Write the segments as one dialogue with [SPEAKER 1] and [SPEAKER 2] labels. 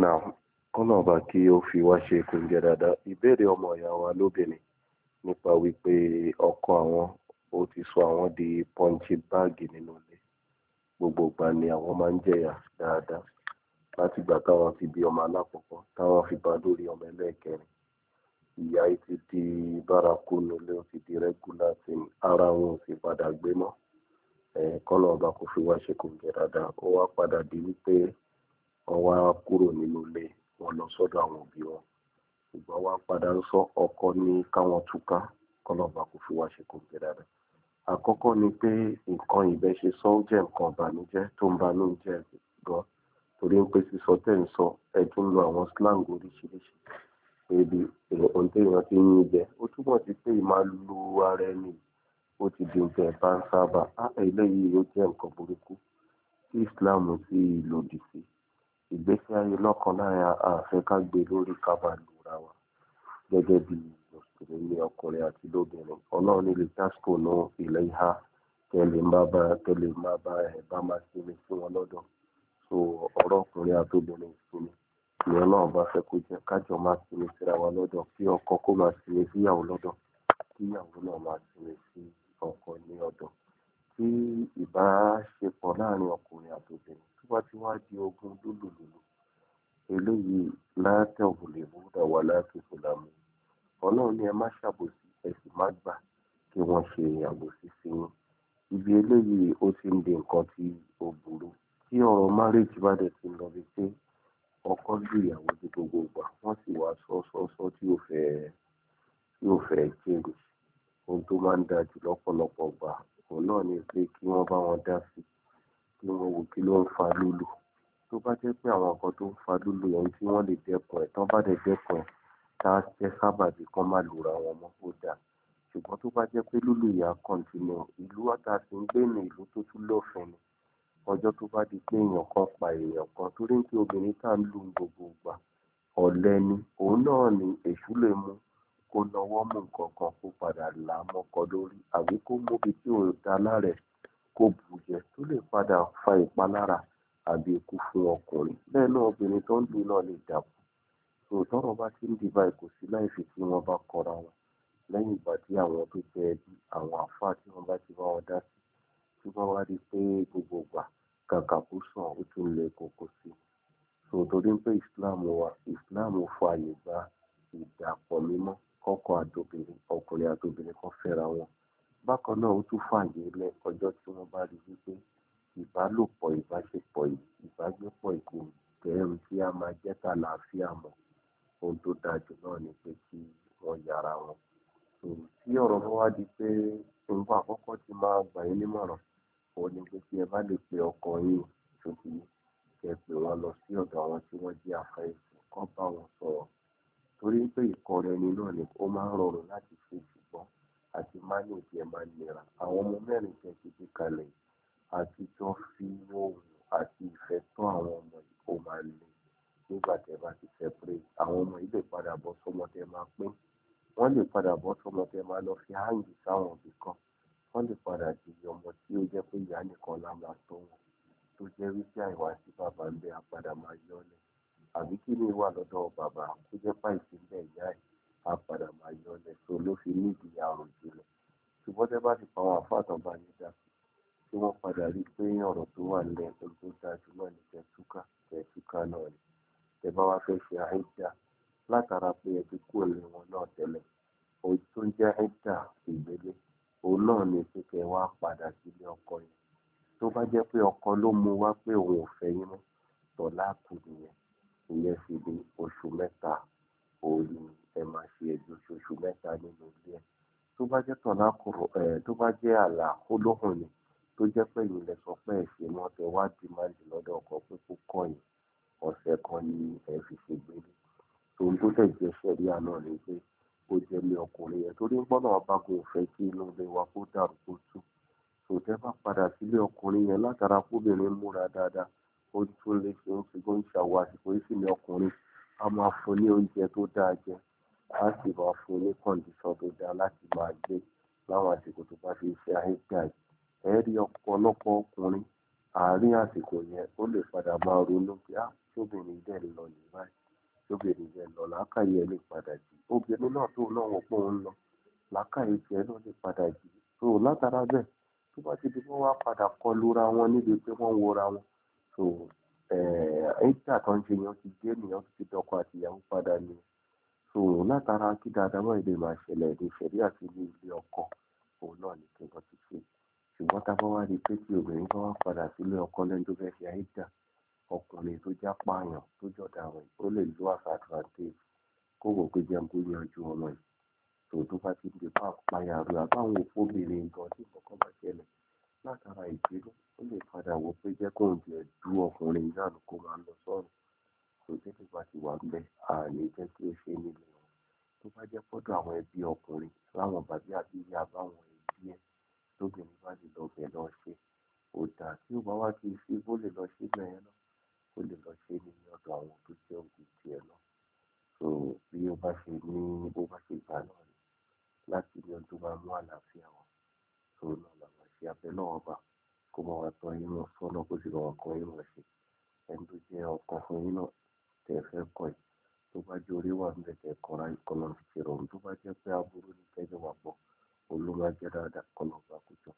[SPEAKER 1] náà ọba kí ó fi wá ṣe kúnjẹ dáadáa ìbéèrè ọmọ ìyá wa lóbìnrin nípa wípé ọkọ àwọn ó ti sọ àwọn di pọ́ńchì báàgì nínú gbogbo ìgbà ni àwọn máa ń jẹ̀yà dáadáa láti ìgbà táwọn fi bí ọmọ alákọ̀ọ́kọ́ táwọn fi bá lórí ọmọ di ó di ara wọn ò sì padà gbé mọ́ kò fi wá ṣe kúnjẹ dáadáa wọ́n wá kúrò nínú ilé wọn lọ sọ́dọ̀ àwọn òbí wọn ṣùgbọ́n wá padà ń sọ ọkọ ní káwọn túká kọlọ́ba kò fi wá ṣe kò gbé dáadáa àkọ́kọ́ ni pé nǹkan ìbẹ́ ṣe sọ ó jẹ́ nǹkan ìbànújẹ́ tó ń banújẹ́ gan torí ń pé sísọ tẹ̀ ń sọ ẹ tún lo àwọn slang oríṣiríṣi ebi ohun téèyàn ti ń jẹ ó túmọ̀ sí pé ìmáa lu ara ẹni ó ti di nǹkan ẹ̀bá ń sábà á ah, eléyìí ó jẹ́ nǹkan burúkú tí Islam sì lòdì sí ìgbésí ayé lọ́kọláya a fẹ́ ká gbé lórí ká máa lura wa gẹ́gẹ́ bí mùsùlùmí ọkùnrin àti lóbìnrin ọlọ́run ní lè tásìkò nu ilẹ̀ ìhà tẹ́lẹ̀ má bá tẹ́lẹ̀ má bá ẹ̀ bá sí wọn lọ́dọ̀ so ọ̀rọ̀ ọkùnrin àtòbìnrin ìyẹn náà bá fẹ́ kó jẹ́ kájọ síra wa lọ́dọ̀ kí ọkọ tí ìbáṣepọ̀ láàárín ọkùnrin àti obìnrin tó bá ti wá di ogún lólùlùlù eléyìí látẹ̀wòlè búdà wà láti mu ọlọ́run ni ẹ má ṣàbòsí ẹ sì má gbà kí wọ́n ṣe àbòsí sí yín ibi eléyìí ó ti ń di nǹkan tí ó burú tí ọ̀rọ̀ márèèjì bá dẹ̀ ti ń lọ wípé ọkọ ju ìyàwó ju gbogbo gbà wọ́n sì wá sọ́sọ́sọ́ tí ó fẹ́ tí ó fẹ́ jèrè ohun tó máa ń da lọ́pọ̀lọpọ̀ gbà àsìkò náà ni pé kí wọ́n bá wọn dá sí i kí wọ́n wo kí ló ń fa lúlù tó bá jẹ́ pé àwọn nǹkan tó ń fa lúlù yẹn tí wọ́n lè dẹ́kun ẹ̀ tán bá dẹ̀ dẹ́kun ẹ̀ tá a jẹ́ sábàbí kán má lura wọn mọ́ ó dáa ṣùgbọ́n tó bá jẹ́ pé lúlù yà kọ́ńtínú ìlú àtàtì ń gbé ní ìlú tó tún lọ́fẹ̀ẹ́ ni ọjọ́ tó bá di pé èèyàn kan pa èèyàn kan torí pé obìnrin tá à ń lù gbogbo ìgbà ọ̀lẹ ni òun náà ni èṣù lè mú kó nawọ́ mú nǹkan kan kó padà là á mọ́kọ lórí àbí kó múbi tí ò da lára kó bù jẹ tó lè padà fa ìpalára àbí ikú fún ọkùnrin lẹ́nu náà obìnrin tó ń lù náà lè dàbò tó tọrọ bá ti ń sí tí wọ́n bá kọra wọn ìgbà àwọn tó ẹbí àwọn tí bá ti bá wọ́n wá sí pé Islam Islam fààyè gba ọkọ àtobìnrin ọkùnrin àtobìnrin kan fẹ́ra wọn bákan náà ó tún fààyè lẹ ọjọ́ tí wọ́n bá rí wípé ìbálòpọ̀ ìbáṣepọ̀ ìbágbépọ̀ ìkò kẹrin tí a máa jẹ́ ká làáfíà mọ́ ohun tó dáa jù náà ni pé kí wọ́n yára wọn tí ọ̀rọ̀ bá wá di pé nǹkan àkọ́kọ́ ti máa gbà yín nímọ̀ràn òun ni pé kí ẹ bá lè pe ọkọ yín ṣùgbọ́n kẹ pè wọ́n lọ sí ọ̀dọ̀ àwọn tí wọ́n jẹ́ afẹ́yìntì kọ́ bá wọn sọ̀rọ̀ torí pé ìkọrẹ ẹni náà ni ó máa ń rọrùn láti ṣe ṣùgbọ́n àti manage ẹ̀ máa nira àwọn ọmọ mẹ́rin tẹ́ ti fi kalẹ̀ àti tó fi ohun àti ìfẹ́ tó àwọn ọmọ yìí ó máa le nígbà tẹ́ bá ti separate àwọn ọmọ yìí lè padà bọ́ sọmọ tẹ́ máa pín wọ́n lè padà bọ́ sọmọ tẹ́ máa lọ fi háǹgì sáwọn òbí kan wọ́n lè padà di ọmọ tí ó jẹ́ pé ìyá nìkan lára tó wọn tó jẹ́ wípé àìwá sí bàbá ń bẹ́ apàdà máa yọ́lẹ̀ àbí kí ni wà lọ́dọ̀ bàbá tó jẹ́ páì sí ilé ìyá ẹ̀ á padà máa yọ ọ́ lẹ̀ tó ló fi nídìí àrùn jùlọ ṣùgbọ́n tẹ́ bá ti pa àwọn àfáàtàn bá yẹn dá sí tí wọ́n padà rí i pé ọ̀rọ̀ tó wà nílẹ̀ tó tó dájú náà ni tẹ̀túkà tẹ̀túkà náà ni tẹ́ bá wá fẹ́ ṣe àìdá látara pé ẹ ti kú ilé wọn náà tẹ́lẹ̀ ohun tó ń jẹ́ àìdá ìgbélé òun náà ni pé kẹ́ wá padà sílé ọkọ yẹn tó bá jẹ́ pé ọkọ ló mú wá pé òun ò fẹ́ yín mọ́ tọ̀lá kù nìyẹn ìyẹn fi di oṣù mẹ́ta òun ẹ máa ṣe ẹ̀jọ́ oṣù mẹ́ta nínú ilé ẹ̀ tó bá jẹ́ tọ̀lá kùrọ̀ ẹ̀ tó bá jẹ́ àlà olóhùn ni tó jẹ́ pé ìyìnlẹ̀ sọ pé ẹ̀ṣẹ̀ náà tẹ wá di máa dì lọ́dọ̀ ọkọ̀ pé kó kọ́ kan ni ẹ fi ṣe gbélé tòun tó tẹ̀ jẹ́ sẹ́ríà náà ni pé ó jẹ́ mi ọkùnrin yẹn torí gbọ́dọ̀ ọbagun òfẹ́ kí inú ilé wa kó dàrú kó tú tòun tẹ́ bá padà sílé ọkùnrin yẹn látara kóbìnrin múra dáadáa ó tún lè ṣe ń ṣùgbọ́n ìṣàwọ̀ àsìkò yìí sì ni ọkùnrin a máa fún ní oúnjẹ tó dáa jẹ a sì máa fún ní kọ̀ǹdíṣàn tó dáa láti máa gbé láwọn àsìkò tó bá fi ṣe àìgbà yìí ẹ rí ọ̀pọ̀lọpọ̀ ọkùnrin àárín àsìkò yẹn padà máa ronú pé á ah, lọ lọ làákàyè lè padà obìnrin náà tó náà wọ́n pọ̀ ń lọ làákàyè lè padà kọlura wọn níbi pé wọ́n so ìta tó ń ṣe yẹn ti dé nìyẹn ti dọkọ àti ìyàwó padà ni so látara kí dáadáa mọ́ èdè máa ṣẹlẹ̀ ní ṣẹ̀rí àti ní ilé ọkọ òun náà ni kí wọ́n ti ṣe ṣùgbọ́n tá a bá wá rí i pé tí obìnrin bá wá padà sílé ọkọ lẹ́nu tó fẹ́ fi àìdá ọkùnrin tó já pààyàn tó jọ̀dá rẹ̀ ó lè lo àṣà advantage kó wò pé jẹun kó yanjú ọmọ yìí tòun tó bá ti di pàpáyà rẹ̀ àbáwọn òpóbìnrin gan tí nǹkan bá ṣẹlẹ̀ látara ìbínú ó lè padà wò ó pé jẹ kóun tiẹ du ọkùnrin náà kó máa lọ sọrùn kò tètè bá ti wà ńbẹ àní jẹ kí ó ṣe nílé wọn tó bá jẹ pọdọ àwọn ẹbí ọkùnrin láwọn bàbí àbí ìyá báwọn ẹbí ẹ lóbìnrin bá lè lọ bẹ lọ ṣe kò dà tí ó bá wá kí n ṣe bó lè lọ ṣe bẹ́ẹ̀ náà ó lè lọ ṣe ní ọ̀dọ̀ àwọn tó jẹ́ òbí tiẹ̀ náà so bí ó bá ṣe ní bó bá ṣe gbà náà láti ní ọdún máa mú àlàáfíà wọn òun náà làwọn àṣẹ abẹ náà ọba kó mọ wa tọ́ yín lọ sọ́nà kó sì lọ wà kọ́ yín lọ ṣe ẹni tó jẹ́ ọkàn fún yín náà tẹ̀ fẹ́ kọ́ yìí tó bá jẹ́ orí wà níbẹ̀ tẹ̀ kọ́ra yìí kọ́nà fi ṣe rọrùn tó bá jẹ́ pé aburú ní kẹ́jọ wà pọ̀ olóńgbà jẹ́ dáadáa kọ́nà ọba kó jọ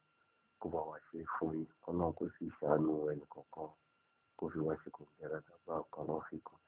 [SPEAKER 1] kó bá wa ṣe fún yín kọ́nà kó sì ṣàánú ẹnì kọ̀ọ̀kan kó fi wá ṣe kò gẹ́ra dábàá ọ̀kan lọ́fíìkùn